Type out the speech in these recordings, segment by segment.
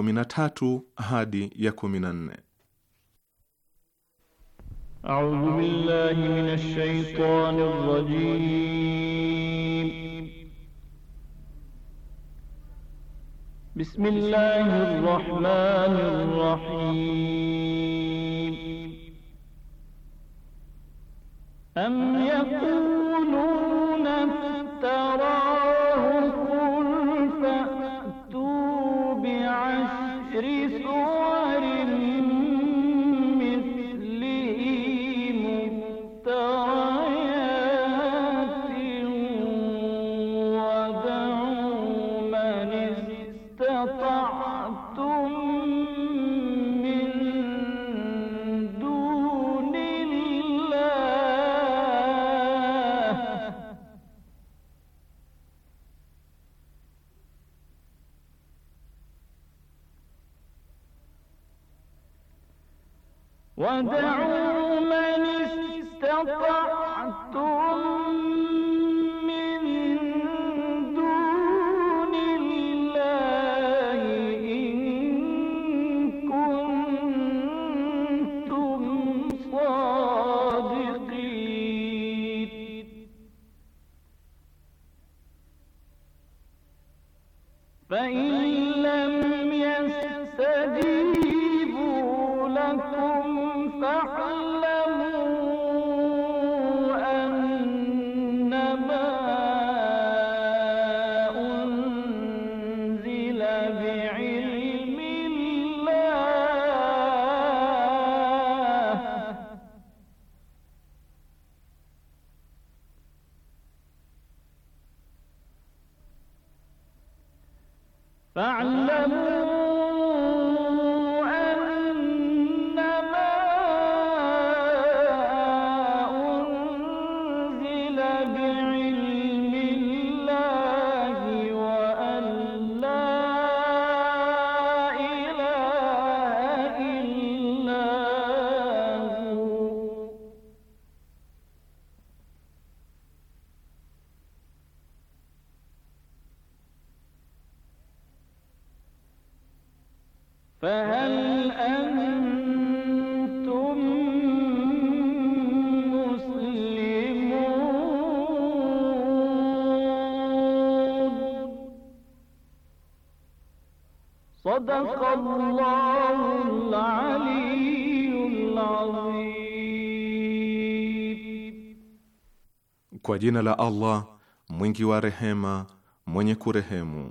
kumi na tatu hadi ya kumi na nne. فهل أنتم مسلمون صدق الله العلي العظيم كو جينا لا الله مونكي ورحمة مونكي رحمه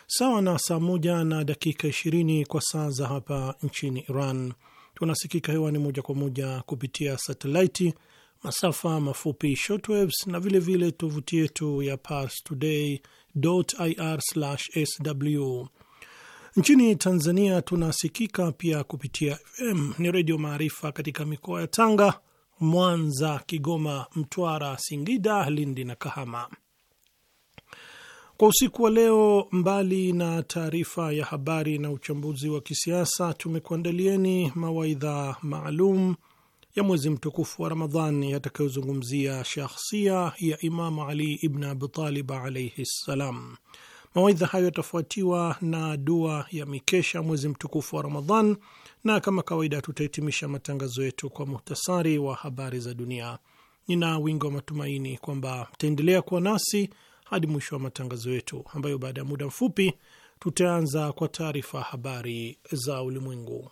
sawa na saa moja na dakika ishirini kwa saa za hapa nchini Iran. Tunasikika hewani moja kwa moja kupitia satelaiti, masafa mafupi shortwaves, na vilevile tovuti yetu ya ir sw Nchini Tanzania tunasikika pia kupitia FM ni Redio Maarifa katika mikoa ya Tanga, Mwanza, Kigoma, Mtwara, Singida, Lindi na Kahama. Kwa usiku wa leo, mbali na taarifa ya habari na uchambuzi wa kisiasa, tumekuandalieni mawaidha maalum ya mwezi mtukufu wa Ramadhan yatakayozungumzia shahsia ya Imam Ali ibn Abi alaihi ssalam. Mawaidha hayo yatafuatiwa na dua ya mikesha mwezi mtukufu wa Ramadhan, na kama kawaida tutahitimisha matangazo yetu kwa muhtasari wa habari za dunia. Nina wingi wa matumaini kwamba mtaendelea kuwa nasi hadi mwisho wa matangazo yetu, ambayo baada ya muda mfupi tutaanza kwa taarifa habari za ulimwengu.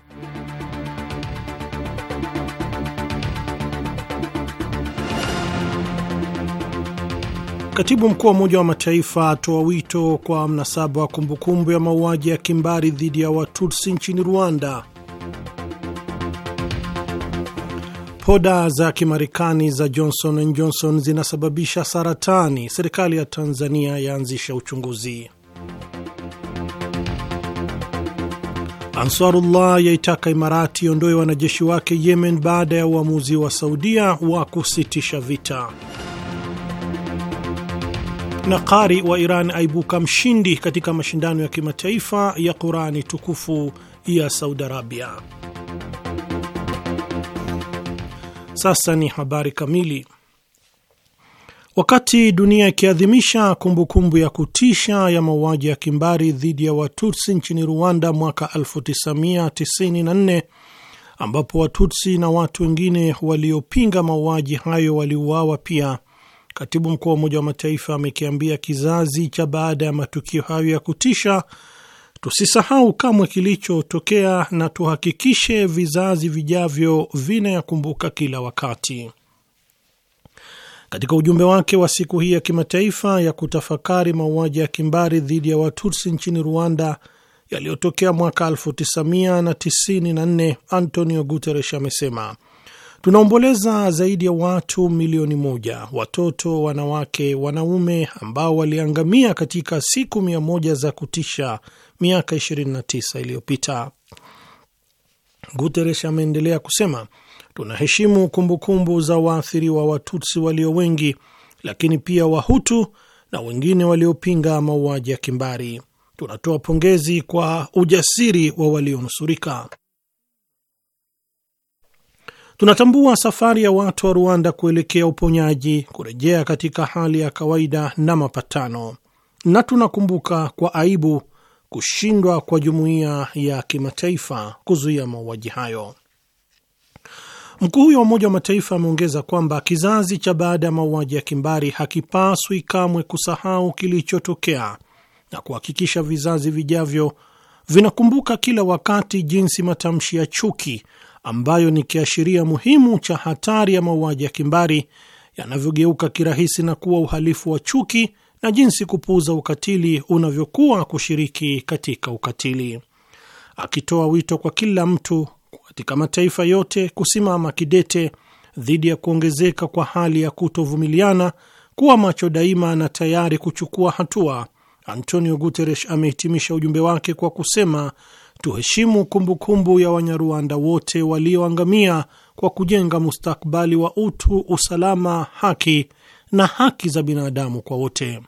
Katibu mkuu wa Umoja wa Mataifa atoa wito kwa mnasaba wa kumbukumbu ya mauaji ya kimbari dhidi ya Watutsi nchini Rwanda. Poda za Kimarekani za Johnson and Johnson zinasababisha saratani. Serikali ya Tanzania yaanzisha uchunguzi. Ansarullah yaitaka Imarati iondoe wanajeshi wake Yemen baada ya uamuzi wa Saudia wa kusitisha vita. Na qari wa Iran aibuka mshindi katika mashindano ya kimataifa ya Qurani tukufu ya Saudi Arabia. Sasa ni habari kamili. Wakati dunia ikiadhimisha kumbukumbu ya kutisha ya mauaji ya kimbari dhidi ya Watutsi nchini Rwanda mwaka 1994 ambapo Watutsi na watu wengine waliopinga mauaji hayo waliuawa pia Katibu mkuu wa Umoja wa Mataifa amekiambia kizazi cha baada ya matukio hayo ya kutisha, tusisahau kamwe kilichotokea na tuhakikishe vizazi vijavyo vinayakumbuka kila wakati. Katika ujumbe wake wa siku hii ya kimataifa ya kutafakari mauaji ya kimbari dhidi ya Watutsi nchini Rwanda yaliyotokea mwaka 1994, Antonio Guterres amesema Tunaomboleza zaidi ya watu milioni moja, watoto, wanawake, wanaume ambao waliangamia katika siku mia moja za kutisha miaka 29 iliyopita. Guterres ameendelea kusema, tunaheshimu kumbukumbu za waathiriwa Watutsi walio wengi, lakini pia Wahutu na wengine waliopinga mauaji ya kimbari. Tunatoa pongezi kwa ujasiri wa walionusurika. Tunatambua safari ya watu wa Rwanda kuelekea uponyaji, kurejea katika hali ya kawaida na mapatano, na tunakumbuka kwa aibu kushindwa kwa jumuiya ya kimataifa kuzuia mauaji hayo. Mkuu huyo wa Umoja wa Mataifa ameongeza kwamba kizazi cha baada ya mauaji ya kimbari hakipaswi kamwe kusahau kilichotokea na kuhakikisha vizazi vijavyo vinakumbuka kila wakati jinsi matamshi ya chuki ambayo ni kiashiria muhimu cha hatari ya mauaji ya kimbari yanavyogeuka kirahisi na kuwa uhalifu wa chuki na jinsi kupuuza ukatili unavyokuwa kushiriki katika ukatili, akitoa wito kwa kila mtu katika mataifa yote kusimama kidete dhidi ya kuongezeka kwa hali ya kutovumiliana, kuwa macho daima na tayari kuchukua hatua. Antonio Guterres amehitimisha ujumbe wake kwa kusema Tuheshimu kumbukumbu ya Wanyarwanda wote walioangamia kwa kujenga mustakbali wa utu, usalama, haki na haki za binadamu kwa wote.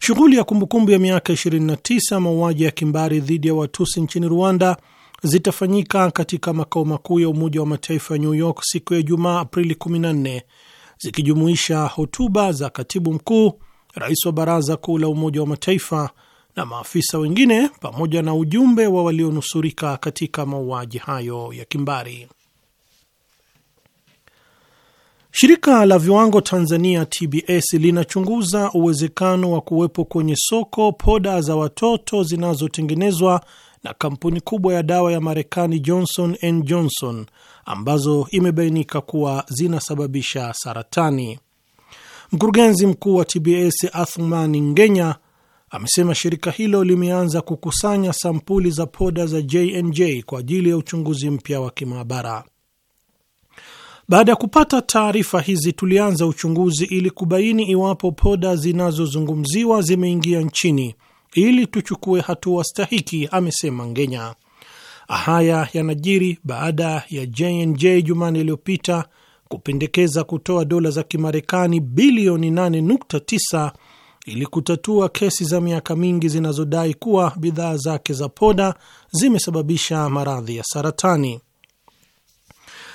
Shughuli ya kumbukumbu ya miaka 29 mauaji ya kimbari dhidi ya Watusi nchini Rwanda zitafanyika katika makao makuu ya Umoja wa Mataifa ya New York siku ya jumaa Aprili 14, zikijumuisha hotuba za katibu mkuu, rais wa Baraza Kuu la Umoja wa Mataifa na maafisa wengine pamoja na ujumbe wa walionusurika katika mauaji hayo ya kimbari. Shirika la viwango Tanzania TBS linachunguza uwezekano wa kuwepo kwenye soko poda za watoto zinazotengenezwa na kampuni kubwa ya dawa ya Marekani Johnson and Johnson ambazo imebainika kuwa zinasababisha saratani. Mkurugenzi mkuu wa TBS Athumani Ngenya amesema shirika hilo limeanza kukusanya sampuli za poda za JNJ kwa ajili ya uchunguzi mpya wa kimaabara. Baada ya kupata taarifa hizi, tulianza uchunguzi ili kubaini iwapo poda zinazozungumziwa zimeingia nchini ili tuchukue hatua stahiki, amesema Ngenya. Haya yanajiri baada ya JNJ Jumani iliyopita kupendekeza kutoa dola za Kimarekani bilioni 8.9 ili kutatua kesi za miaka mingi zinazodai kuwa bidhaa zake za poda zimesababisha maradhi ya saratani.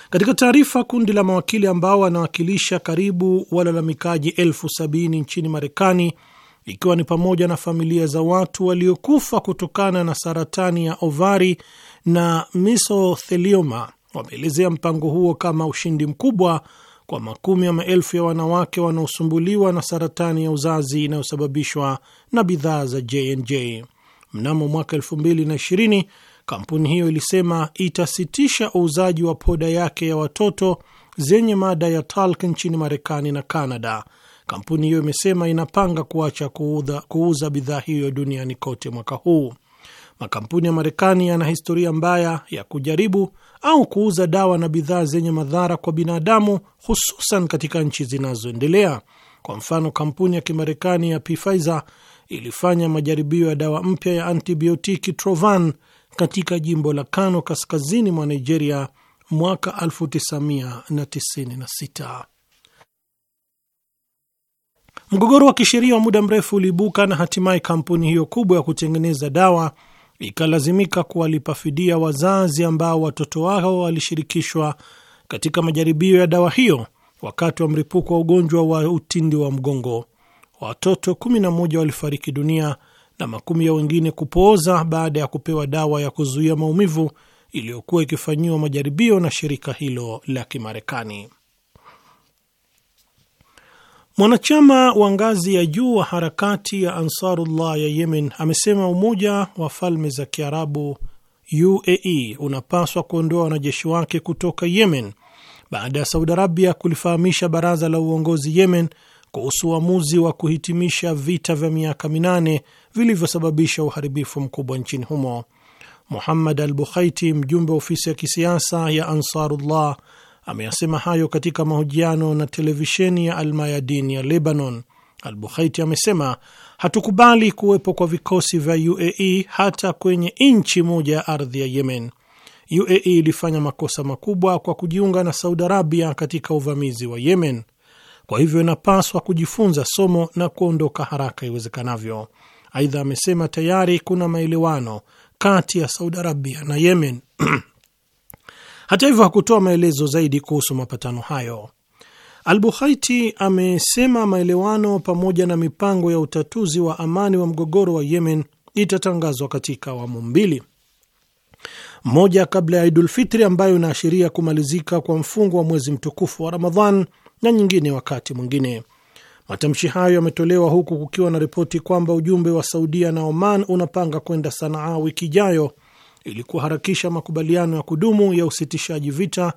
Katika taarifa, kundi la mawakili ambao wanawakilisha karibu walalamikaji elfu sabini nchini Marekani, ikiwa ni pamoja na familia za watu waliokufa kutokana na saratani ya ovari na misothelioma wameelezea mpango huo kama ushindi mkubwa kwa makumi ya maelfu ya wanawake wanaosumbuliwa na saratani ya uzazi inayosababishwa na bidhaa za jnj Mnamo mwaka 2020 kampuni hiyo ilisema itasitisha uuzaji wa poda yake ya watoto zenye mada ya talc nchini Marekani na canada Kampuni hiyo imesema inapanga kuacha kuuza, kuuza bidhaa hiyo duniani kote mwaka huu. Makampuni ya Marekani yana historia mbaya ya kujaribu au kuuza dawa na bidhaa zenye madhara kwa binadamu, hususan katika nchi zinazoendelea. Kwa mfano, kampuni ya Kimarekani ya Pfizer ilifanya majaribio ya dawa mpya ya antibiotiki Trovan katika jimbo la Kano kaskazini mwa Nigeria mwaka 1996. Mgogoro wa kisheria wa muda mrefu uliibuka na hatimaye kampuni hiyo kubwa ya kutengeneza dawa ikalazimika kuwalipa fidia wazazi ambao watoto wao walishirikishwa katika majaribio ya dawa hiyo wakati wa mripuko wa ugonjwa wa utindi wa mgongo. Watoto 11 walifariki dunia na makumi ya wengine kupooza baada ya kupewa dawa ya kuzuia maumivu iliyokuwa ikifanyiwa majaribio na shirika hilo la Kimarekani. Mwanachama wa ngazi ya juu wa harakati ya Ansarullah ya Yemen amesema Umoja wa Falme za Kiarabu UAE unapaswa kuondoa wanajeshi wake kutoka Yemen baada ya Saudi Arabia kulifahamisha baraza la uongozi Yemen kuhusu uamuzi wa kuhitimisha vita vya miaka minane vilivyosababisha uharibifu mkubwa nchini humo. Muhammad al Bukhaiti, mjumbe wa ofisi ya kisiasa ya Ansarullah Ameyasema hayo katika mahojiano na televisheni ya Almayadin ya Lebanon. Al Bukhaiti amesema hatukubali kuwepo kwa vikosi vya UAE hata kwenye nchi moja ya ardhi ya Yemen. UAE ilifanya makosa makubwa kwa kujiunga na Saudi Arabia katika uvamizi wa Yemen. Kwa hivyo inapaswa kujifunza somo na kuondoka haraka iwezekanavyo. Aidha amesema tayari kuna maelewano kati ya Saudi Arabia na Yemen Hata hivyo hakutoa maelezo zaidi kuhusu mapatano hayo. Albukhaiti amesema maelewano pamoja na mipango ya utatuzi wa amani wa mgogoro wa Yemen itatangazwa katika awamu mbili, moja kabla ya Idulfitri ambayo inaashiria kumalizika kwa mfungo wa mwezi mtukufu wa Ramadhan na nyingine wakati mwingine. Matamshi hayo yametolewa huku kukiwa na ripoti kwamba ujumbe wa Saudia na Oman unapanga kwenda Sanaa wiki ijayo ili kuharakisha makubaliano ya kudumu ya usitishaji vita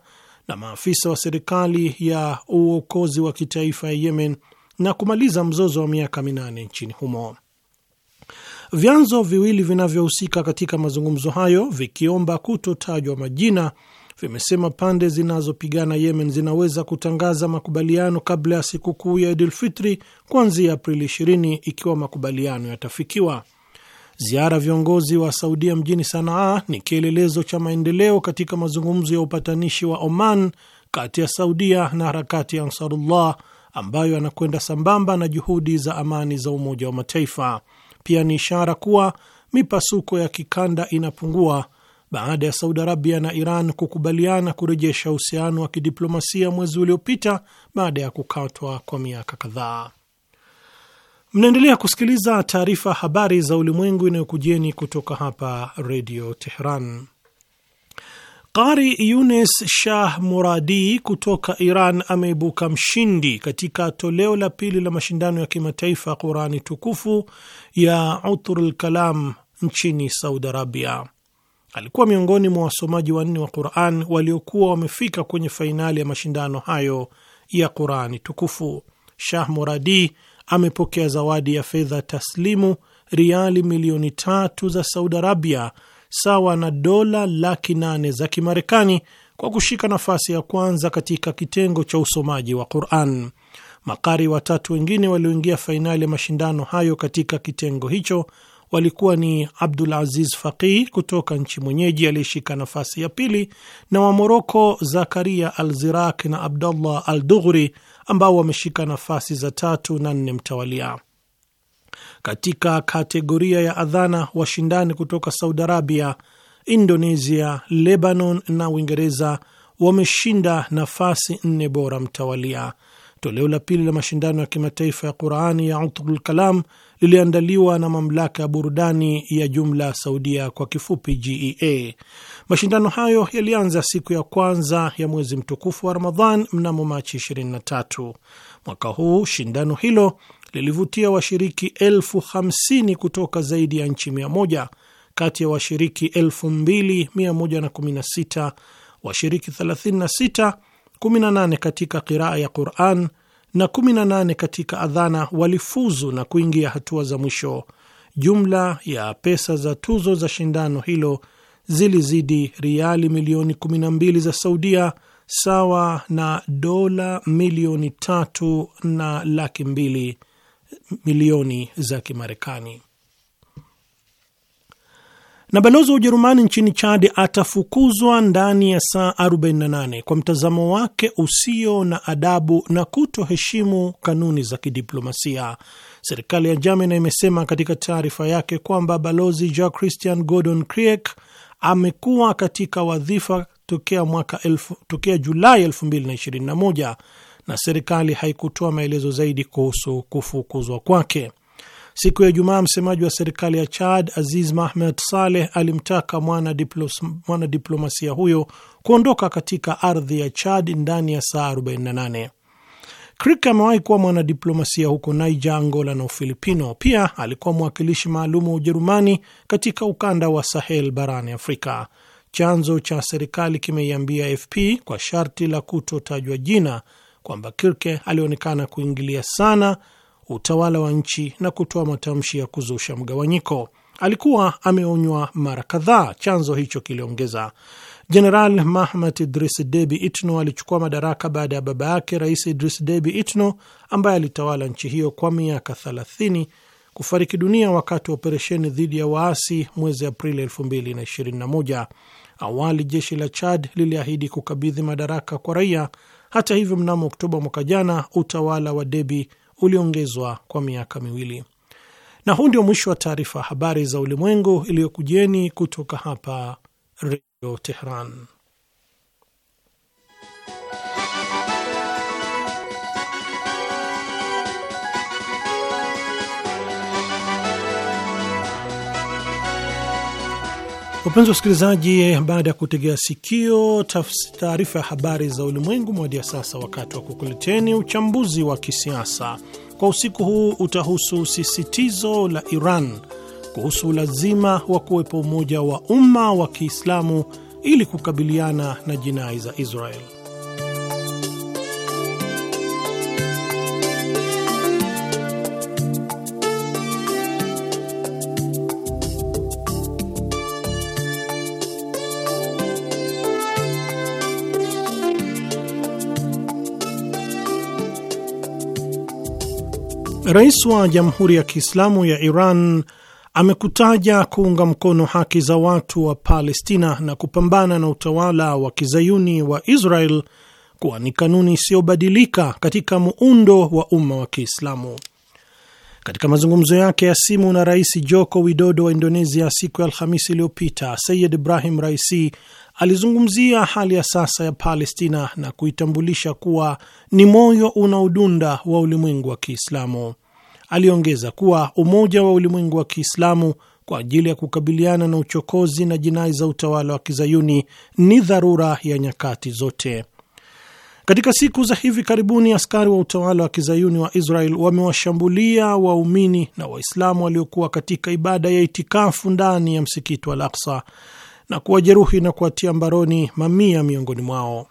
na maafisa wa serikali ya uokozi wa kitaifa ya Yemen na kumaliza mzozo wa miaka minane nchini humo. Vyanzo viwili vinavyohusika katika mazungumzo hayo vikiomba kutotajwa majina vimesema pande zinazopigana Yemen zinaweza kutangaza makubaliano kabla ya sikukuu ya Idilfitri kuanzia Aprili 20 ikiwa makubaliano yatafikiwa. Ziara viongozi wa Saudia mjini Sanaa ni kielelezo cha maendeleo katika mazungumzo ya upatanishi wa Oman kati ya Saudia na harakati ya Ansarullah ambayo yanakwenda sambamba na juhudi za amani za Umoja wa Mataifa. Pia ni ishara kuwa mipasuko ya kikanda inapungua baada ya Saudi Arabia na Iran kukubaliana kurejesha uhusiano wa kidiplomasia mwezi uliopita baada ya kukatwa kwa miaka kadhaa. Mnaendelea kusikiliza taarifa habari za ulimwengu inayokujieni kutoka hapa redio Tehran. Qari Yunes Shah Muradi kutoka Iran ameibuka mshindi katika toleo la pili la mashindano ya kimataifa ya Qurani tukufu ya Uturul Kalam nchini Saudi Arabia. Alikuwa miongoni mwa wasomaji wanne wa Quran waliokuwa wamefika kwenye fainali ya mashindano hayo ya Qurani tukufu. Shah Muradi amepokea zawadi ya fedha taslimu riali milioni tatu za Saudi Arabia sawa na dola laki nane za Kimarekani kwa kushika nafasi ya kwanza katika kitengo cha usomaji wa Quran. Makari watatu wengine walioingia fainali ya mashindano hayo katika kitengo hicho walikuwa ni Abdul Aziz Faqih kutoka nchi mwenyeji aliyeshika nafasi ya pili, na Wamoroko Zakaria Al Zirak na Abdullah Al Dughri ambao wameshika nafasi za tatu na nne mtawalia. Katika kategoria ya adhana, washindani kutoka Saudi Arabia, Indonesia, Lebanon na Uingereza wameshinda nafasi nne bora mtawalia. Toleo la pili la mashindano ya kimataifa ya Qurani ya Uthul Kalam liliandaliwa na mamlaka ya burudani ya jumla Saudia, kwa kifupi GEA. Mashindano hayo yalianza siku ya kwanza ya mwezi mtukufu wa Ramadhan mnamo Machi 23. Mwaka huu shindano hilo lilivutia washiriki elfu hamsini kutoka zaidi ya nchi 1 kati ya washiriki 2116 washiriki 36, 18 katika qiraa ya Quran na 18 katika adhana walifuzu na kuingia hatua za mwisho. Jumla ya pesa za tuzo za shindano hilo zilizidi riali milioni 12 za Saudia sawa na dola milioni tatu na laki mbili milioni za Kimarekani. Na balozi wa Ujerumani nchini Chad atafukuzwa ndani ya saa 48 kwa mtazamo wake usio na adabu na kutoheshimu kanuni za kidiplomasia. Serikali ya Germany imesema katika taarifa yake kwamba balozi Jean Christian Gordon Kriek amekuwa katika wadhifa tokea mwaka elfu, tokea Julai 2021 na serikali haikutoa maelezo zaidi kuhusu kufukuzwa kwake. Siku ya Ijumaa, msemaji wa serikali ya Chad Aziz Mahmed Saleh alimtaka mwanadiplomasia huyo kuondoka katika ardhi ya Chad ndani ya saa 48. Crick amewahi kuwa mwanadiplomasia huko Niger, Angola na Ufilipino. Pia alikuwa mwakilishi maalum wa Ujerumani katika ukanda wa Sahel barani Afrika. Chanzo cha serikali kimeiambia AFP kwa sharti la kutotajwa jina kwamba Kirke alionekana kuingilia sana utawala wa nchi na kutoa matamshi ya kuzusha mgawanyiko. Alikuwa ameonywa mara kadhaa, chanzo hicho kiliongeza. Jeneral Mahmat Idris Debi Itno alichukua madaraka baada ya baba yake Rais Idris Debi Itno ambaye alitawala nchi hiyo kwa miaka 30 kufariki dunia wakati wa operesheni dhidi ya waasi mwezi Aprili 2021. Awali jeshi la Chad liliahidi kukabidhi madaraka kwa raia. Hata hivyo, mnamo Oktoba mwaka jana utawala wa Debi uliongezwa kwa miaka miwili. Na huu ndio mwisho wa taarifa habari za ulimwengu iliyokujeni kutoka hapa Redio Tehran. Wapenzi wasikilizaji, baada ya kutegea sikio taarifa ya habari za ulimwengu, mwadia sasa wakati wa kukuleteni uchambuzi wa kisiasa kwa usiku huu. Utahusu sisitizo la Iran kuhusu ulazima wa kuwepo umoja wa umma wa Kiislamu ili kukabiliana na jinai za Israel. Rais wa Jamhuri ya Kiislamu ya Iran amekutaja kuunga mkono haki za watu wa Palestina na kupambana na utawala wa kizayuni wa Israel kuwa ni kanuni isiyobadilika katika muundo wa umma wa Kiislamu. Katika mazungumzo yake ya simu na Rais Joko Widodo wa Indonesia siku ya Alhamisi iliyopita, Sayid Ibrahim Raisi alizungumzia hali ya sasa ya Palestina na kuitambulisha kuwa ni moyo unaodunda wa ulimwengu wa Kiislamu. Aliongeza kuwa umoja wa ulimwengu wa Kiislamu kwa ajili ya kukabiliana na uchokozi na jinai za utawala wa kizayuni ni dharura ya nyakati zote. Katika siku za hivi karibuni, askari wa utawala wa kizayuni wa Israel wamewashambulia waumini na Waislamu waliokuwa katika ibada ya itikafu ndani ya msikiti wa Al-Aqsa na kuwajeruhi na kuwatia mbaroni mamia miongoni mwao.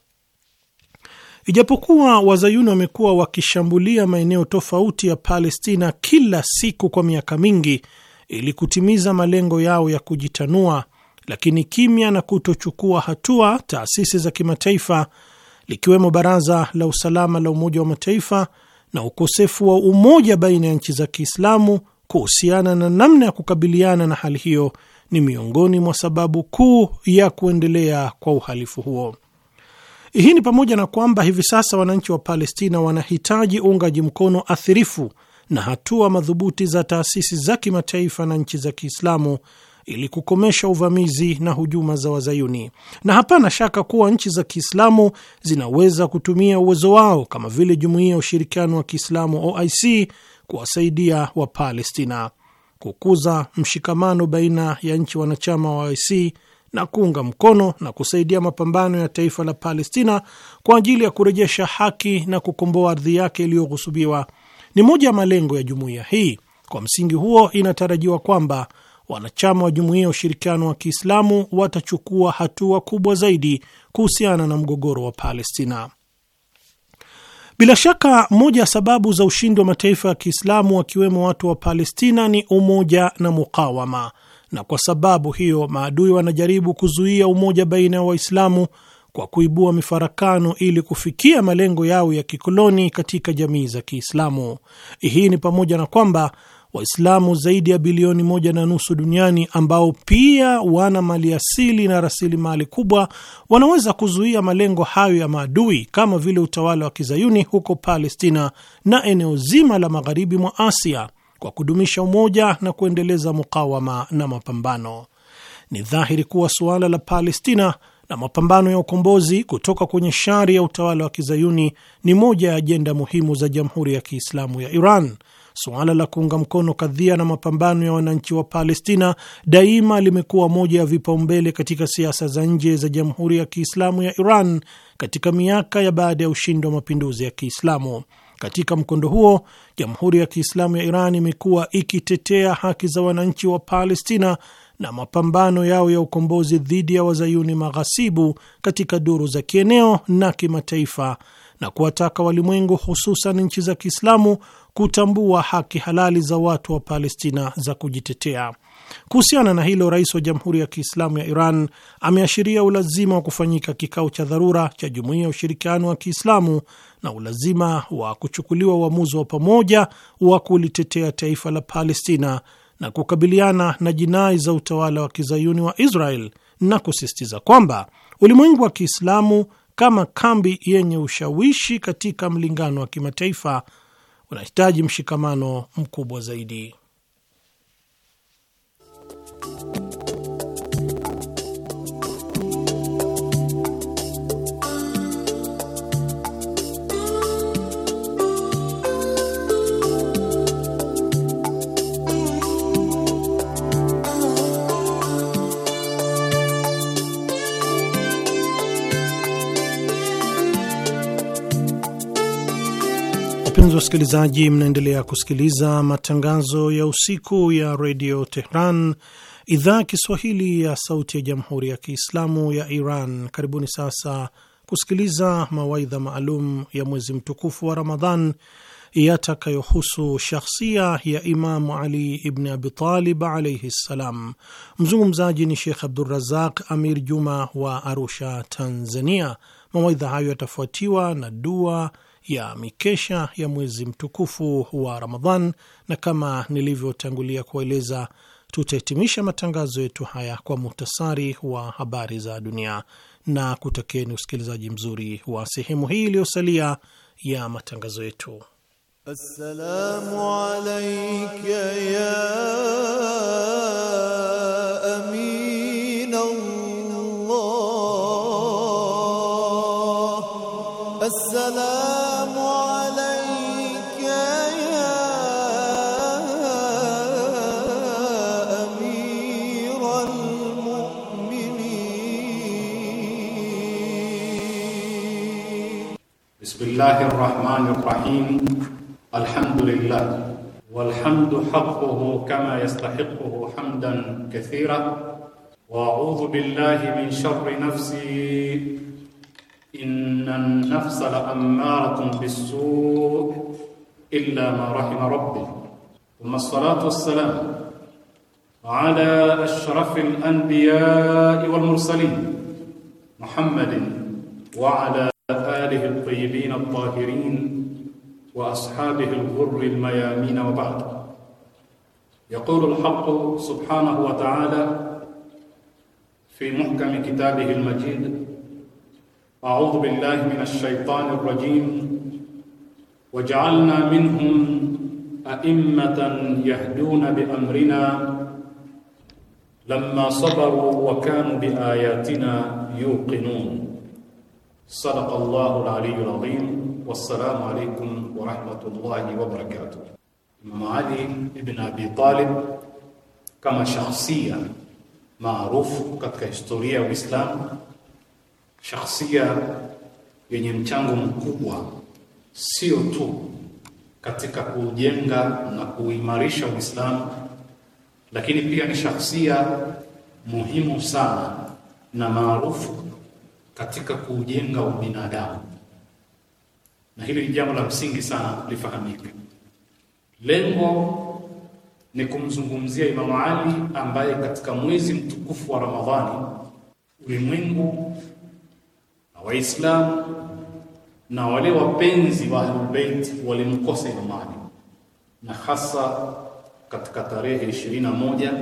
Ijapokuwa wazayuni wamekuwa wakishambulia maeneo tofauti ya Palestina kila siku kwa miaka mingi ili kutimiza malengo yao ya kujitanua, lakini kimya na kutochukua hatua, taasisi za kimataifa likiwemo Baraza la Usalama la Umoja wa Mataifa na ukosefu wa umoja baina ya nchi za Kiislamu kuhusiana na namna ya kukabiliana na hali hiyo ni miongoni mwa sababu kuu ya kuendelea kwa uhalifu huo. Hii ni pamoja na kwamba hivi sasa wananchi wa Palestina wanahitaji uungaji mkono athirifu na hatua madhubuti za taasisi za kimataifa na nchi za Kiislamu ili kukomesha uvamizi na hujuma za Wazayuni, na hapana shaka kuwa nchi za Kiislamu zinaweza kutumia uwezo wao kama vile Jumuiya ya Ushirikiano wa Kiislamu OIC kuwasaidia Wapalestina kukuza mshikamano baina ya nchi wanachama wa OIC na kuunga mkono na kusaidia mapambano ya taifa la Palestina kwa ajili ya kurejesha haki na kukomboa ardhi yake iliyoghusubiwa ni moja ya malengo ya jumuiya hii. Kwa msingi huo, inatarajiwa kwamba wanachama wa Jumuiya ya Ushirikiano wa Kiislamu watachukua hatua kubwa zaidi kuhusiana na mgogoro wa Palestina. Bila shaka moja ya sababu za ushindi wa mataifa ya Kiislamu wakiwemo watu wa Palestina ni umoja na mukawama na kwa sababu hiyo maadui wanajaribu kuzuia umoja baina ya Waislamu kwa kuibua mifarakano ili kufikia malengo yao ya kikoloni katika jamii za Kiislamu. Hii ni pamoja na kwamba Waislamu zaidi ya bilioni moja na nusu duniani ambao pia wana maliasili na rasilimali kubwa wanaweza kuzuia malengo hayo ya maadui kama vile utawala wa kizayuni huko Palestina na eneo zima la magharibi mwa Asia kwa kudumisha umoja na kuendeleza mukawama na mapambano. Ni dhahiri kuwa suala la Palestina na mapambano ya ukombozi kutoka kwenye shari ya utawala wa kizayuni ni moja ya ajenda muhimu za Jamhuri ya Kiislamu ya Iran. Suala la kuunga mkono kadhia na mapambano ya wananchi wa Palestina daima limekuwa moja ya vipaumbele katika siasa za nje za Jamhuri ya Kiislamu ya Iran katika miaka ya baada ya ushindi wa mapinduzi ya Kiislamu. Katika mkondo huo, Jamhuri ya Kiislamu ya Iran imekuwa ikitetea haki za wananchi wa Palestina na mapambano yao ya ukombozi dhidi ya wazayuni maghasibu katika duru za kieneo na kimataifa na kuwataka walimwengu hususan nchi za Kiislamu kutambua haki halali za watu wa Palestina za kujitetea. Kuhusiana na hilo, rais wa Jamhuri ya Kiislamu ya Iran ameashiria ulazima wa kufanyika kikao cha dharura cha Jumuiya ya Ushirikiano wa Kiislamu na ulazima wa kuchukuliwa uamuzi wa pamoja wa kulitetea taifa la Palestina na kukabiliana na jinai za utawala wa kizayuni wa Israel na kusisitiza kwamba ulimwengu wa Kiislamu kama kambi yenye ushawishi katika mlingano wa kimataifa unahitaji mshikamano mkubwa zaidi. Wapenzi wasikilizaji, mnaendelea kusikiliza matangazo ya usiku ya redio Tehran, idhaa Kiswahili ya Sauti ya Jamhuri ya Kiislamu ya Iran. Karibuni sasa kusikiliza mawaidha maalum ya mwezi mtukufu wa Ramadhan yatakayohusu shakhsia ya Imamu Ali ibn Abitalib alaihi ssalam. Mzungumzaji ni Shekh Abdurazaq Amir Juma wa Arusha, Tanzania. Mawaidha hayo yatafuatiwa na dua ya mikesha ya mwezi mtukufu wa Ramadhan, na kama nilivyotangulia kueleza tutahitimisha matangazo yetu haya kwa muhtasari wa habari za dunia na kutakieni usikilizaji mzuri wa sehemu hii iliyosalia ya matangazo yetu. Assalamu alayka ya الله الرحمن الرحيم الحمد لله والحمد حقه كما يستحقه حمدا كثيرا واعوذ بالله من شر نفسي ان النفس لاماره بالسوء الا ما رحم ربي ثم الصلاه والسلام على اشرف الانبياء والمرسلين محمد وعلى آله الطيبين الطاهرين وأصحابه الغر الميامين وبعد يقول الحق سبحانه وتعالى في محكم كتابه المجيد أعوذ بالله من الشيطان الرجيم وجعلنا منهم أئمة يهدون بأمرنا لما صبروا وكانوا بآياتنا يوقنون صدق الله العلي العظيم والسلام عليكم wa الله وبركاته barakatuh. علي Ali ibn طالب كما kama shakhsia maarufu katika historia ya Uislamu, shakhsia yenye mchango mkubwa sio tu katika kujenga na kuimarisha Uislamu, lakini pia ni shakhsia muhimu sana na maarufu katika kuujenga ubinadamu, na hili ni jambo la msingi sana lifahamike. Lengo ni kumzungumzia Imamu Ali ambaye katika mwezi mtukufu wa Ramadhani ulimwengu na Waislamu na wale wapenzi wa Ahlulbeiti walimkosa Imam Ali, na hasa katika tarehe ishirini na moja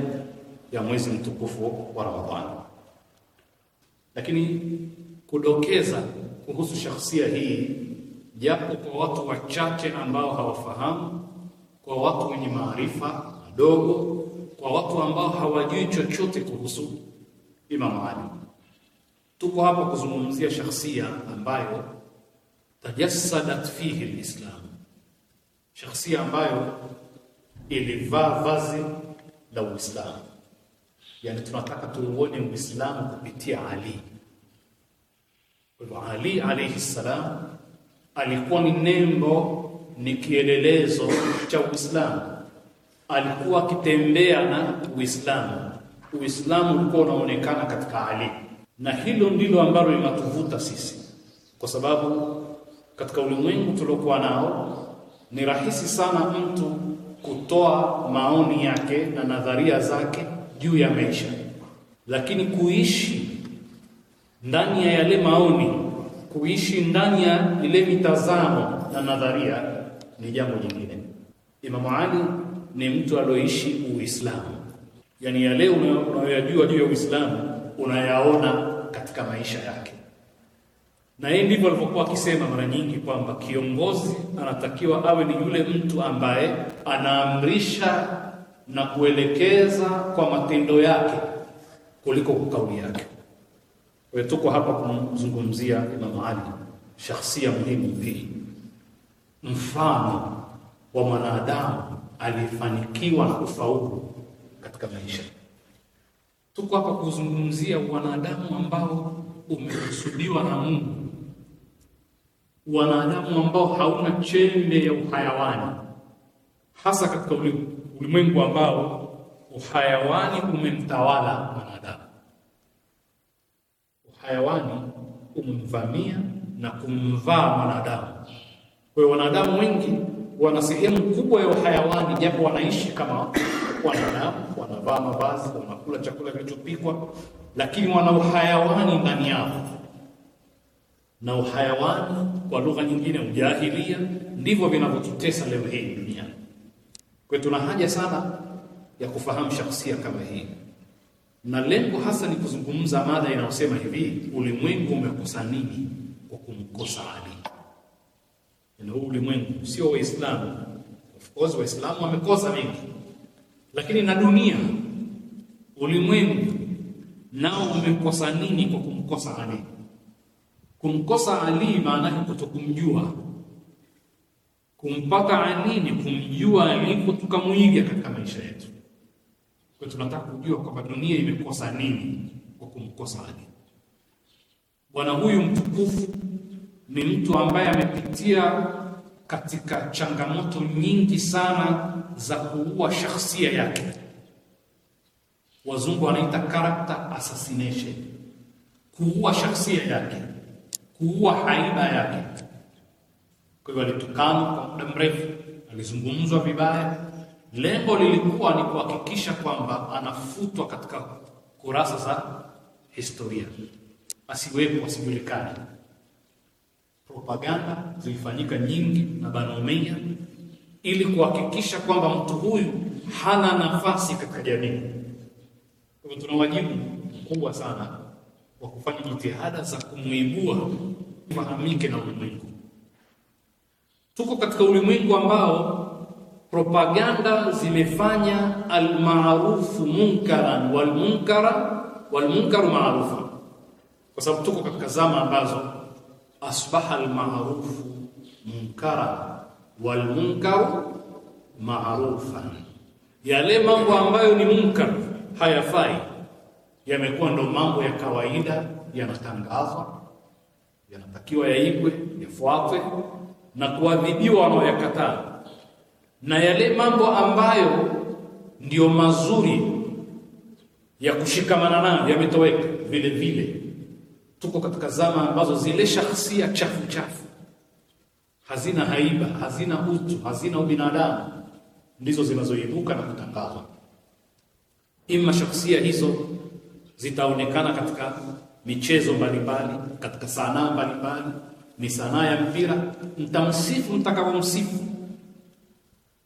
ya mwezi mtukufu wa Ramadhani, lakini kudokeza kuhusu shakhsia hii, japo kwa watu wachache ambao hawafahamu, kwa watu wenye maarifa madogo, kwa watu ambao hawajui chochote kuhusu Imam Ali. Tuko hapa kuzungumzia shakhsia ambayo tajassadat fihi lislam, shakhsia ambayo ilivaa vazi la Uislamu. Yani tunataka tuuone Uislamu kupitia Ali kwa Ali alayhi salam alikuwa ni nembo, ni kielelezo cha Uislamu. Alikuwa akitembea na Uislamu, Uislamu ulikuwa unaonekana katika Ali, na hilo ndilo ambalo linatuvuta sisi, kwa sababu katika ulimwengu tuliokuwa nao ni rahisi sana mtu kutoa maoni yake na nadharia zake juu ya maisha, lakini kuishi ndani ya yale maoni, kuishi ndani ya ile mitazamo na nadharia ni jambo jingine. Imamu Ali ni mtu alioishi Uislamu, yaani yale unayoyajua juu ya Uislamu unayaona katika maisha yake, na yeye ndivyo alivyokuwa akisema mara nyingi kwamba kiongozi anatakiwa awe ni yule mtu ambaye anaamrisha na kuelekeza kwa matendo yake kuliko kwa kauli yake. Kwa hiyo tuko hapa kumzungumzia Imam Ali, shakhsia muhimu hii, mfano wa mwanadamu aliyefanikiwa na kufaulu katika maisha. Tuko hapa kuzungumzia wanadamu ambao umekusudiwa na Mungu, wanadamu ambao hauna chembe ya uhayawani, hasa katika ulimwengu ambao uhayawani umemtawala mwanadamu hayawani kumvamia na kumvaa mwanadamu. Kwa hiyo wanadamu wengi wana sehemu kubwa ya hayawani, japo wanaishi kama wanadamu, wanavaa mavazi, wanakula chakula kilichopikwa, lakini wana uhayawani ndani yao. Na uhayawani kwa lugha nyingine, ujahilia, ndivyo vinavyotutesa leo hii duniani. Kwa hiyo tuna haja sana ya kufahamu shakhsia kama hii na lengo hasa ni kuzungumza mada inayosema hivi: ulimwengu umekosa nini kwa kumkosa Ali? Na yaani ulimwengu sio Waislamu. Of course Waislamu wamekosa mengi, lakini na dunia, ulimwengu nao umekosa nini kwa kumkosa Ali? Kumkosa Ali maana yake kutokumjua, kumpata ni kumjua alikotukamwiga katika maisha yetu kwa tunataka kujua kwamba dunia imekosa nini kwa kumkosa Adamu. Bwana huyu mtukufu ni mtu ambaye amepitia katika changamoto nyingi sana za kuua shakhsia yake. Wazungu wanaita character assassination, kuua shakhsia yake, kuua haiba yake. Kwa hivyo alitukana kwa muda mrefu, alizungumzwa vibaya Lengo lilikuwa ni kuhakikisha kwamba anafutwa katika kurasa za historia, asiwepo, asijulikane. Propaganda zilifanyika nyingi na Bani ili kuhakikisha kwamba mtu huyu hana nafasi katika jamii. Kwa hivyo tuna wajibu mkubwa sana wa kufanya jitihada za kumuibua fahamike na ulimwengu. Tuko katika ulimwengu ambao propaganda zimefanya almaarufu munkaran walmunkara walmunkaru marufa kwa sababu tuko katika zama ambazo asbaha almaarufu munkara walmunkaru maarufa, yale mambo ambayo ni munkar hayafai yamekuwa ndo mambo ya kawaida, yanatangazwa, yanatakiwa yaigwe, yafuatwe na kuadhibiwa wanaoyakataa na yale mambo ambayo ndiyo mazuri ya kushikamana nayo yametoweka vile vile. Tuko katika zama ambazo zile shakhsia chafu chafu hazina haiba, hazina utu, hazina ubinadamu ndizo zinazoibuka na kutangazwa. Ima shakhsia hizo zitaonekana katika michezo mbalimbali, katika sanaa mbalimbali. Ni sanaa ya mpira, mtamsifu mtakapomsifu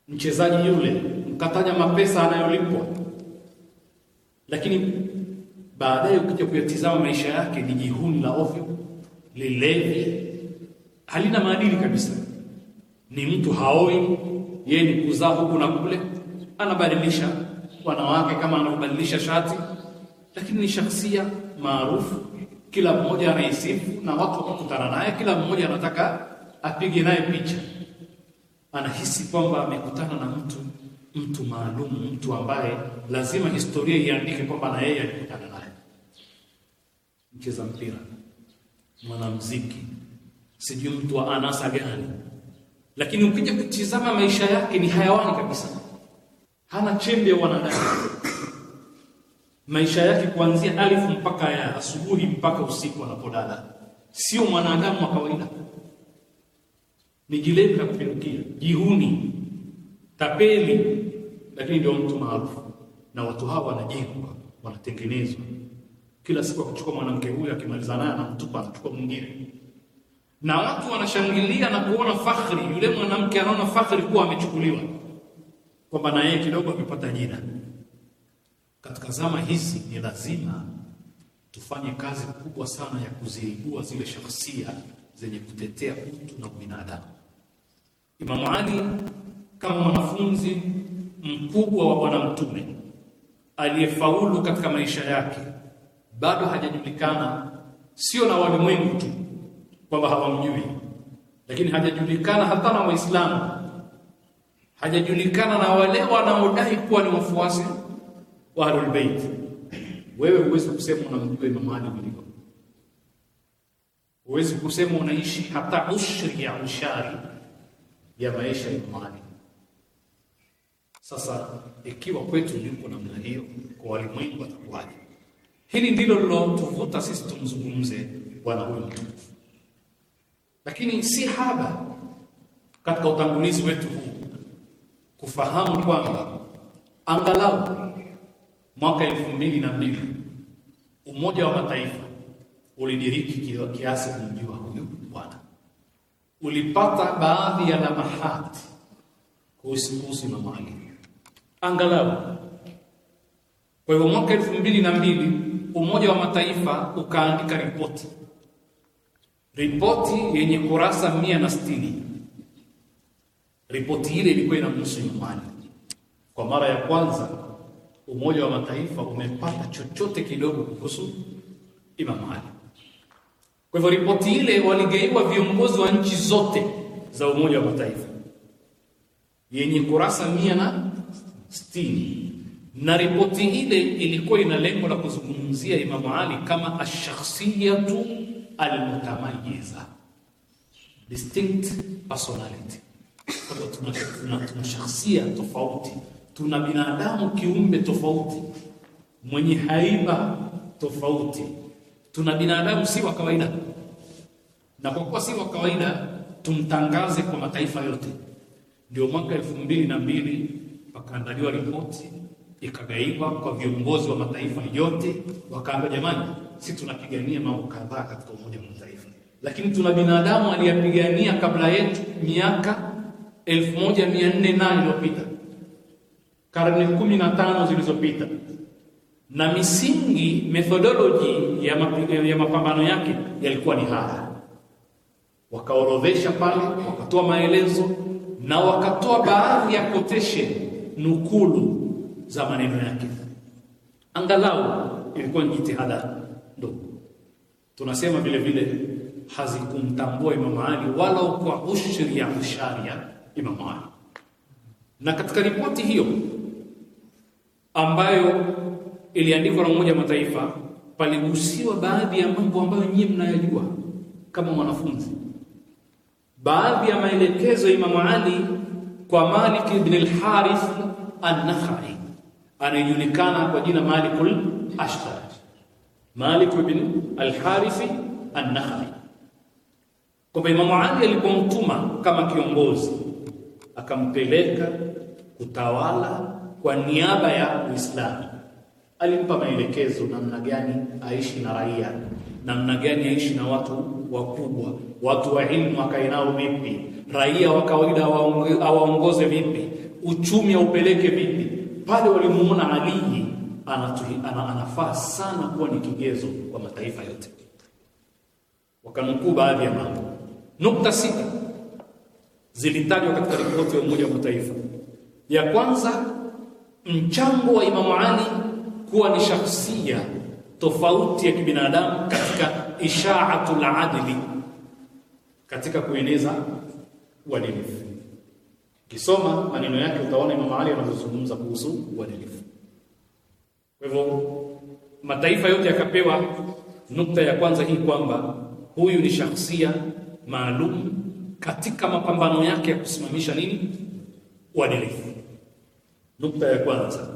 mchezaji yule, mkataja mapesa anayolipwa, lakini baadaye ukija kuyatizama maisha yake ni jihuni la ovyo, lilevi, halina maadili kabisa. Ni mtu haoi, yeye ni kuzaa huku na kule, anabadilisha wanawake kama anavyobadilisha shati, lakini ni shakhsia maarufu, kila mmoja anaisifu na watu wakakutana naye, kila mmoja anataka apige naye picha anahisi kwamba amekutana na mtu mtu maalum, mtu ambaye lazima historia iandike kwamba na yeye alikutana naye. Mcheza mpira, mwanamuziki, sijui mtu wa anasa gani, lakini ukija kutizama maisha yake ni hayawani kabisa, hana chembe ya wanadamu. Maisha yake kuanzia alifu mpaka ya asubuhi mpaka usiku anapodada, sio mwanadamu wa kawaida ni jilevi la kupindukia, jihuni, tapeli, lakini ndio mtu maarufu. Na watu hawa wanajengwa, wanatengenezwa kila siku, akichukua mwanamke huyu, akimaliza naye anamtupa, anachukua mwingine, na watu wanashangilia na kuona fakhri. Yule mwanamke anaona fakhri kuwa amechukuliwa, kwamba na yeye kidogo amepata jina. Katika zama hizi ni lazima tufanye kazi kubwa sana ya kuziibua zile shakhsia zenye kutetea utu na ubinadamu. Imamu Ali kama mwanafunzi mkubwa wa Bwana Mtume aliyefaulu katika maisha yake bado hajajulikana, sio na walimwengu tu kwamba hawamjui, lakini hajajulikana hata na Waislamu, hajajulikana na wale wanaodai kuwa ni wafuasi wa Ahlul Bait. Wewe huwezi kusema unamjua Imam Ali kuliko huwezi kusema unaishi hata ushri ya ushari ya maisha ya imani. Sasa ikiwa kwetu yuko namna hiyo, kwa walimwengu atakuwaje? Hili ndilo lilotuvuta sisi tumzungumze Bwana huyu mtukufu, lakini si haba katika utangulizi wetu huu kufahamu kwamba angalau mwaka elfu mbili na mbili Umoja wa Mataifa ulidiriki kiasi kumjua ulipata baadhi ya lamahati kuhusu Imam Ali angalau. Kwa hivyo mwaka elfu mbili na mbili Umoja wa Mataifa ukaandika ripoti ripoti yenye kurasa mia na sitini. Ripoti ile ilikuwa inamhusu kuhusu Ali. Kwa mara ya kwanza Umoja wa Mataifa umepata chochote kidogo kuhusu imamali Ali. Kwa hivyo ripoti ile waligaiwa viongozi wa nchi zote za Umoja wa Mataifa yenye kurasa mia na sitini na ripoti ile ilikuwa ina lengo la kuzungumzia Imamu Ali kama ashakhsiyatu almutamayyiza, distinct personality. Tuna shakhsia tofauti, tuna binadamu kiumbe tofauti mwenye haiba tofauti tuna binadamu si wa kawaida, na kwa kuwa si wa kawaida tumtangaze kwa mataifa yote. Ndio mwaka elfu mbili na mbili pakaandaliwa ripoti ikagaiwa kwa viongozi wa mataifa yote, wakaamba jamani, si tunapigania mambo kadhaa katika Umoja wa Mataifa, lakini tuna binadamu aliyapigania kabla yetu miaka elfu moja mia nne na iliyopita, karne kumi na tano zilizopita na misingi methodology ya, ya mapambano yake yalikuwa ni haya. Wakaorodhesha pale, wakatoa maelezo na wakatoa baadhi ya quotation, nukulu za maneno yake. Angalau ilikuwa ni jitihada ndogo. Tunasema vile vile hazikumtambua Imam Ali wala kwa ushri ya ushari ya Imam Ali, na katika ripoti hiyo ambayo iliandikwa na Umoja Mataifa, paligusiwa baadhi ya mambo ambayo nyinyi mnayajua kama wanafunzi. Baadhi ya maelekezo ya Imamu Ali kwa Malik ibn al-Harith an-Nakhai anayejulikana kwa jina Malikul Ashtar, Malik ibn al-Harith an-Nakhai, kwamba Imamu Ali alipomtuma kama kiongozi akampeleka kutawala kwa niaba ya Uislamu alimpa maelekezo namna gani aishi na raia, namna gani aishi na watu wakubwa, watu wa ilmu akae nao vipi, raia wa kawaida awaongoze vipi, uchumi aupeleke vipi. Pale walimuona alihi anafaa sana kuwa ni kigezo kwa mataifa yote, wakanukuu baadhi ya mambo. Nukta sita zilitajwa katika ripoti ya Umoja wa Mataifa. Ya kwanza, mchango wa Imamu Ali kuwa ni shakhsia tofauti ya kibinadamu katika ishaatul adli, katika kueneza uadilifu. Ukisoma maneno yake utaona Imam Ali anazozungumza kuhusu uadilifu. Kwa hivyo mataifa yote yakapewa nukta ya kwanza hii kwamba huyu ni shakhsia maalum katika mapambano yake ya kusimamisha nini uadilifu. Nukta ya kwanza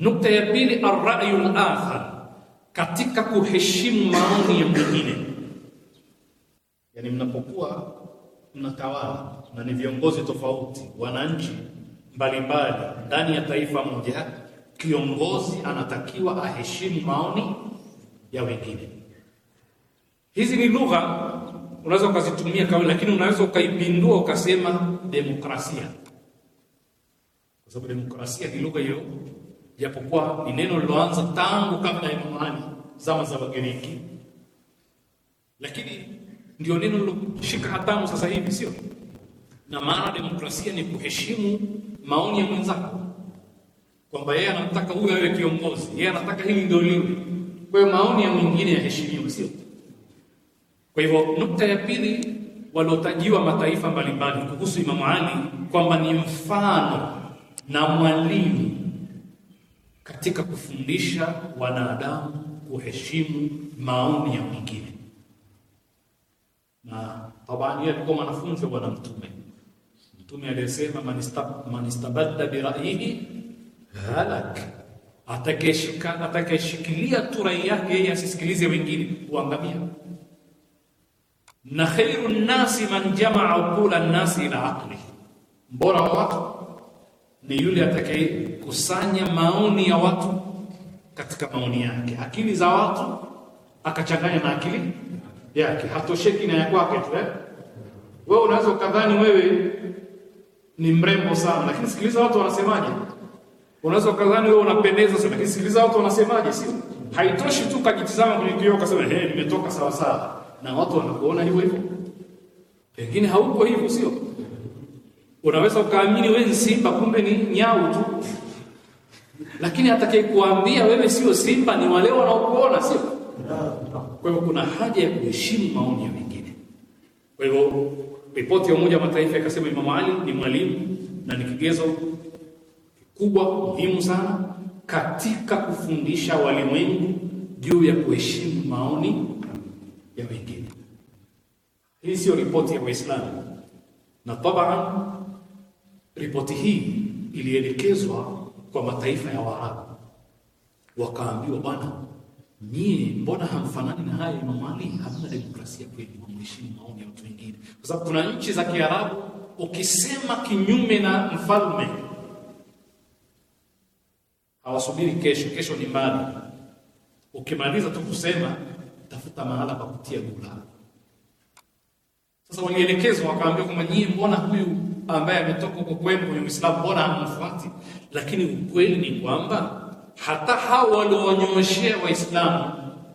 Nukta ya pili, arrayu al-akhar, katika kuheshimu maoni ya mwingine. Yani mnapokuwa mnatawala na ni viongozi tofauti, wananchi mbalimbali ndani ya taifa moja, kiongozi anatakiwa aheshimu maoni ya wengine. Hizi ni lugha unaweza ukazitumia kawaida, lakini unaweza ukaipindua ukasema demokrasia, kwa sababu demokrasia ni lugha hiyo japokuwa ni neno liloanza tangu kabla ya imani, zama za Wagiriki, lakini ndio neno liloshika hatamu sasa hivi, sio? Na maana demokrasia ni kuheshimu maoni ya mwenzako, kwamba yeye anataka huyo awe kiongozi, yeye anataka hili ndio liwe. Kwa hiyo maoni ya mwingine yaheshimiwe, sio? Kwa hivyo nukta ya pili waliotajiwa mataifa mbalimbali kuhusu Imamu Ali kwamba ni mfano na mwalimu katika kufundisha wanadamu kuheshimu maoni ya mwingine, na tabani yeye alikuwa mwanafunzi wa Bwana Mtume. Mtume aliyesema manistabadda birayihi halak, atakayeshikilia tu rai yake yeye asisikilize wengine huangamia. Na khairu nnasi man jamaa uqula nnasi ila aqli, mbora wa watu ni yule atakayekusanya maoni ya watu katika maoni yake, akili za watu akachanganya na akili yake, hatosheki na ya kwake tu eh? Wewe unaweza ukadhani wewe ni mrembo sana, lakini sikiliza watu wanasemaje. Unaweza ukadhani wewe unapendeza sana, lakini sikiliza watu wanasemaje. Sio haitoshi tu kajitizama kwenye kioo kasema hey, nimetoka sawa sawa, na watu wanakuona hivyo hivyo, pengine hauko hivyo, sio Unaweza ukaamini wewe ni simba, kumbe ni nyau tu. Lakini atakayekuambia wewe sio simba ni wale wanaokuona, sio? Kwa hiyo kuna haja ya kuheshimu maoni ya wengine. Kwa hivyo ripoti ya Umoja wa Mataifa ikasema Imam Ali ni mwalimu na ni kigezo kikubwa muhimu sana katika kufundisha walimwengu juu ya kuheshimu maoni ya wengine. Hii sio ripoti ya Waislamu na tabaan Ripoti hii ilielekezwa kwa mataifa ya Waarabu, wakaambiwa, bwana, nyie mbona hamfanani na haya Imam Ali? Hamna demokrasia kweli, mheshimu maoni ya watu wengine, kwa sababu kuna nchi za Kiarabu ukisema kinyume na mfalme hawasubiri kesho, kesho ni mbali. Ukimaliza tu kusema, tafuta mahala pa kutia gula. Sasa walielekezwa, wakaambiwa kwamba nyie mbona huyu ambaye ametoka kwa kwenu kwenye Uislamu, mbona amfuati Lakini ukweli ni kwamba hata hao waliowanyoshea Waislamu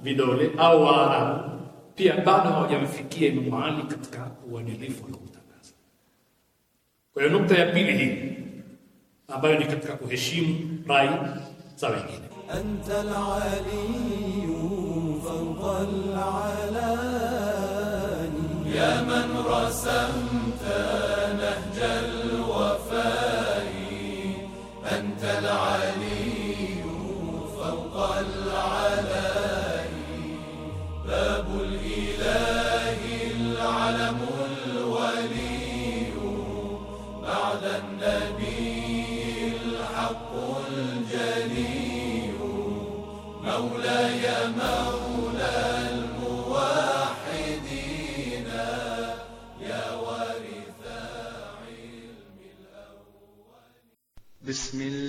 vidole au Waarabu pia bado hawajamfikia Imam Ali katika uadilifu aliotangaza. Kwa hiyo nukta ya pili hii ambayo ni katika kuheshimu rai za wengine ya man rasam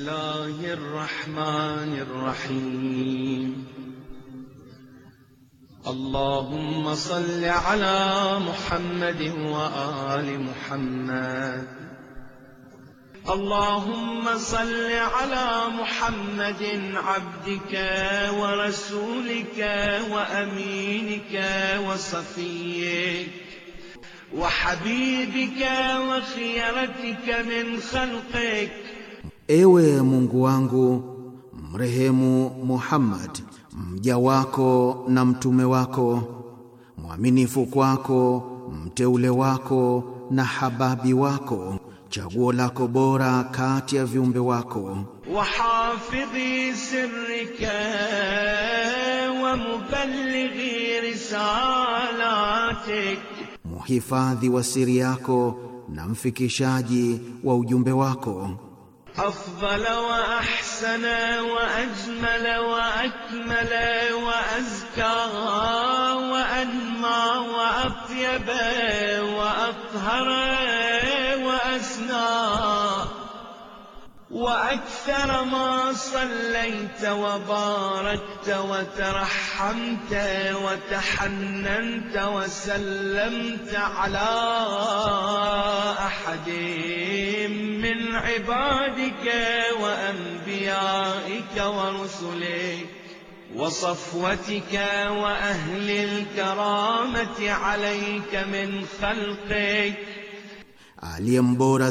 الله الرحمن الرحيم اللهم صل على محمد وآل محمد اللهم صل على محمد عبدك ورسولك وأمينك وصفيك وحبيبك وخيرتك من خلقك Ewe Mungu wangu, mrehemu Muhammad mja wako na mtume wako mwaminifu kwako mteule wako na hababi wako chaguo lako bora kati ya viumbe wako. wahafidhi sirrika wa mubalighi risalatik, muhifadhi wa siri yako na mfikishaji wa ujumbe wako. أفضل وأحسن وأجمل وأكمل وأزكى وأنمى وأطيب وأطهر وأسنى وأكثر ما صليت وباركت وترحمت وتحننت وسلمت على أحد من عبادك وأنبيائك ورسلك وصفوتك وأهل الكرامة عليك من خلقك aliye mbora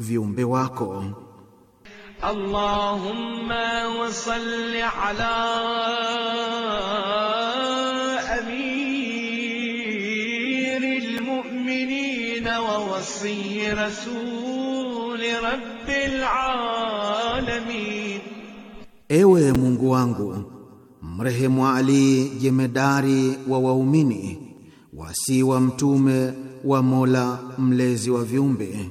viumbe wako. Allahumma wa salli ala amiril mu'minin wa wasi rasul rabbil alamin, Ewe Mungu wangu mrehemu Ali jemedari wa waumini wasi wa mtume wa Mola mlezi wa viumbe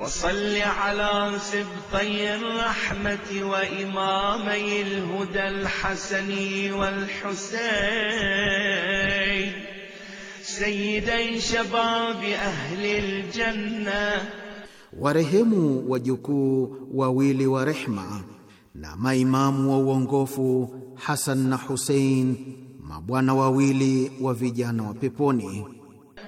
وصل على سبطي الرحمة وإمامي الهدى الحسن والحسين سيدي شباب أهل الجنة warehemu wajukuu wawili wa rehma na maimamu wa uongofu Hasan na Husein, mabwana wawili wa vijana wa peponi.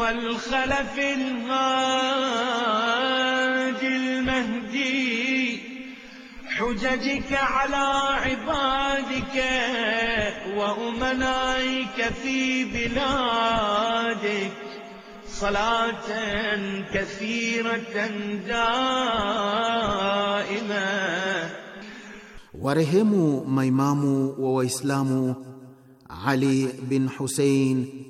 والخلف الهادي المهدي حججك على عبادك وأمنائك في بلادك صلاة كثيرة دائمة ورهم ميمام وإسلام علي بن حسين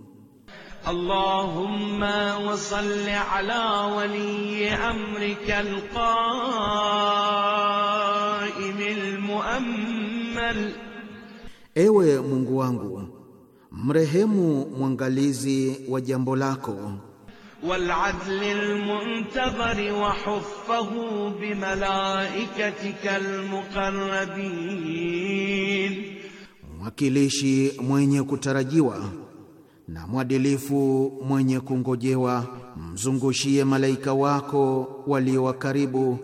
اللهم وصل على ولي أمرك القائم المؤمل Ewe Mungu wangu mrehemu mwangalizi wa jambo lako والعدل المنتظر وحفه bimalaikatika المقربين mwakilishi mwenye kutarajiwa na mwadilifu mwenye kungojewa, mzungushie malaika wako walio wakaribu.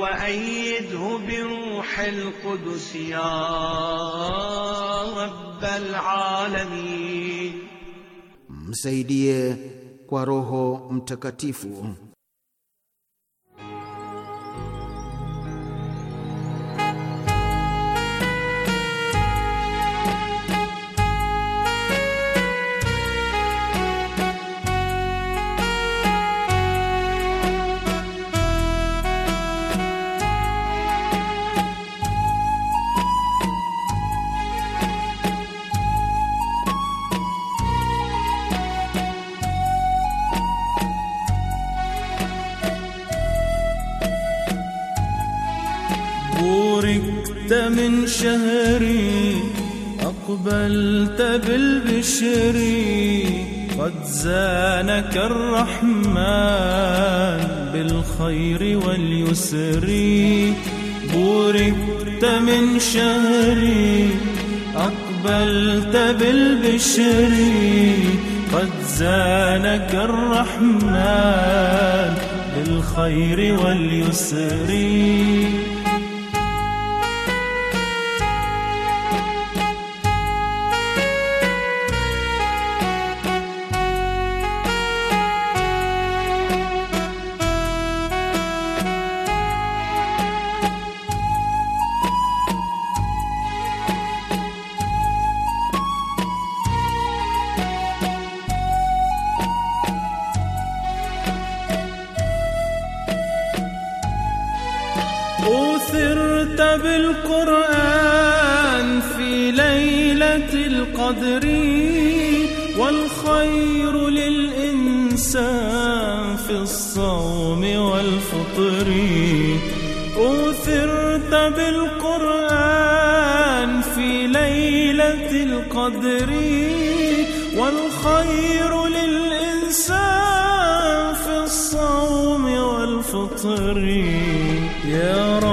Wa aidhu bi ruhil qudus ya rabbal alamin, msaidie kwa Roho Mtakatifu انت من شهري أقبلت بالبشر قد زانك الرحمن بالخير واليسر بوركت من شهري أقبلت بالبشر قد زانك الرحمن بالخير واليسر بالقرآن في ليلة القدر والخير للإنسان في الصوم والفطر أوثرت بالقرآن في ليلة القدر والخير للإنسان في الصوم والفطر يا رب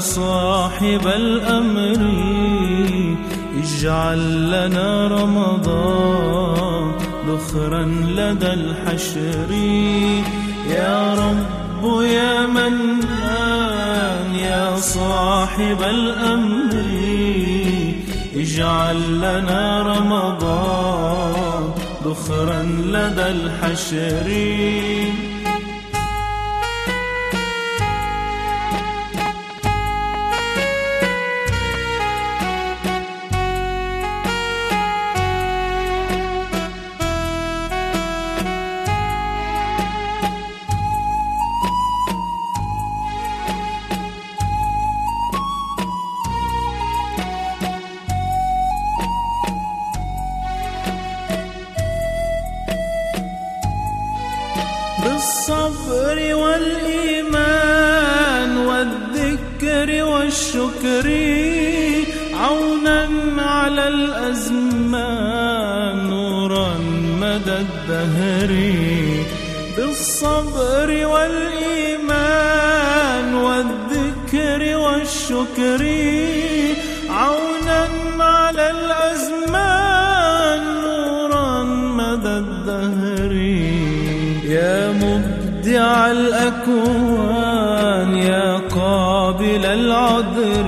صاحب الأمر اجعل لنا رمضان ذخرا لدى الحشر يا رب يا منان يا صاحب الأمر اجعل لنا رمضان ذخرا لدى الحشر شكري عونا على الأزمان نورا مدى الدهر يا مبدع الأكوان يا قابل العذر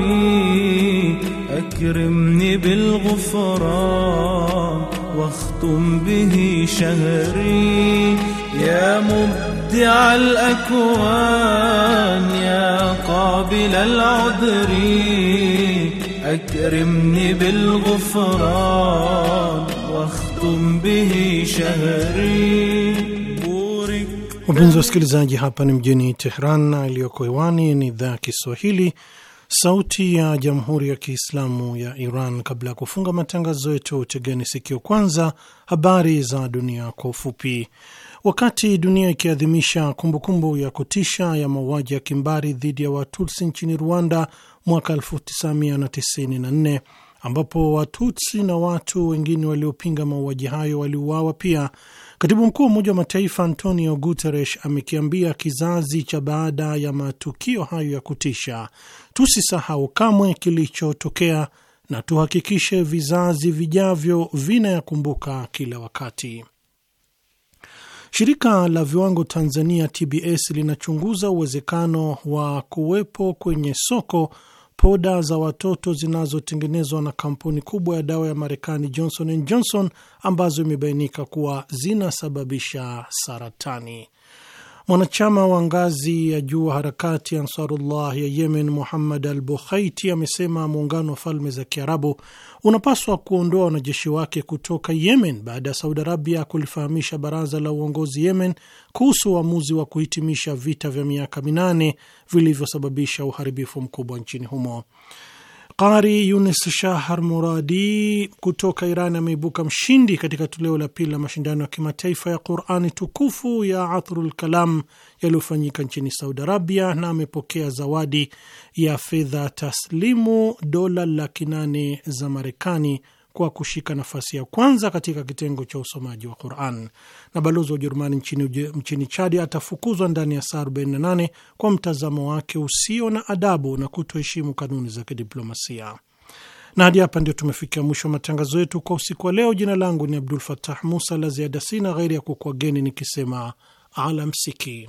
أكرمني بالغفران واختم به شهري يا مبدع ابدع الاكوان يا قابل العذر اكرمني بالغفران واختم bihi shahri Wapenzi wasikilizaji, hapa ni mjini Tehran na iliyoko hewani ni idhaa ya Kiswahili, Sauti ya Jamhuri ya Kiislamu ya Iran. Kabla ya kufunga matangazo yetu, tegeni sikio kwanza habari za dunia kwa ufupi. Wakati dunia ikiadhimisha kumbukumbu ya kutisha ya mauaji ya kimbari dhidi ya Watutsi nchini Rwanda mwaka 1994 ambapo Watutsi na watu wengine waliopinga mauaji hayo waliuawa pia, katibu mkuu wa Umoja wa Mataifa Antonio Guterres amekiambia kizazi cha baada ya matukio hayo ya kutisha, tusisahau kamwe kilichotokea na tuhakikishe vizazi vijavyo vinayakumbuka kila wakati. Shirika la viwango Tanzania TBS linachunguza uwezekano wa kuwepo kwenye soko poda za watoto zinazotengenezwa na kampuni kubwa ya dawa ya Marekani Johnson and Johnson ambazo imebainika kuwa zinasababisha saratani. Mwanachama wa ngazi ya juu wa harakati Ansarullah ya Yemen, Muhammad al Bukhaiti, amesema muungano wa falme za Kiarabu unapaswa kuondoa wanajeshi wake kutoka Yemen baada ya Saudi Arabia kulifahamisha baraza la uongozi Yemen kuhusu uamuzi wa kuhitimisha vita vya miaka minane vilivyosababisha uharibifu mkubwa nchini humo. Qari Yunis Shahar Muradi kutoka Iran ameibuka mshindi katika toleo la pili la mashindano ya kimataifa ya Qurani tukufu ya Athrul Kalam yaliyofanyika nchini Saudi Arabia na amepokea zawadi ya fedha taslimu dola laki nane za Marekani kwa kushika nafasi ya kwanza katika kitengo cha usomaji wa Quran. Na balozi wa Ujerumani nchini, nchini Chadi atafukuzwa ndani ya saa 48 kwa mtazamo wake usio na adabu na kutoheshimu kanuni za kidiplomasia. Na hadi hapa ndio tumefikia mwisho wa matangazo yetu kwa usiku wa leo. Jina langu ni Abdul fatah Musa. La ziada sina, ghairi ya kukuageni nikisema alamsiki.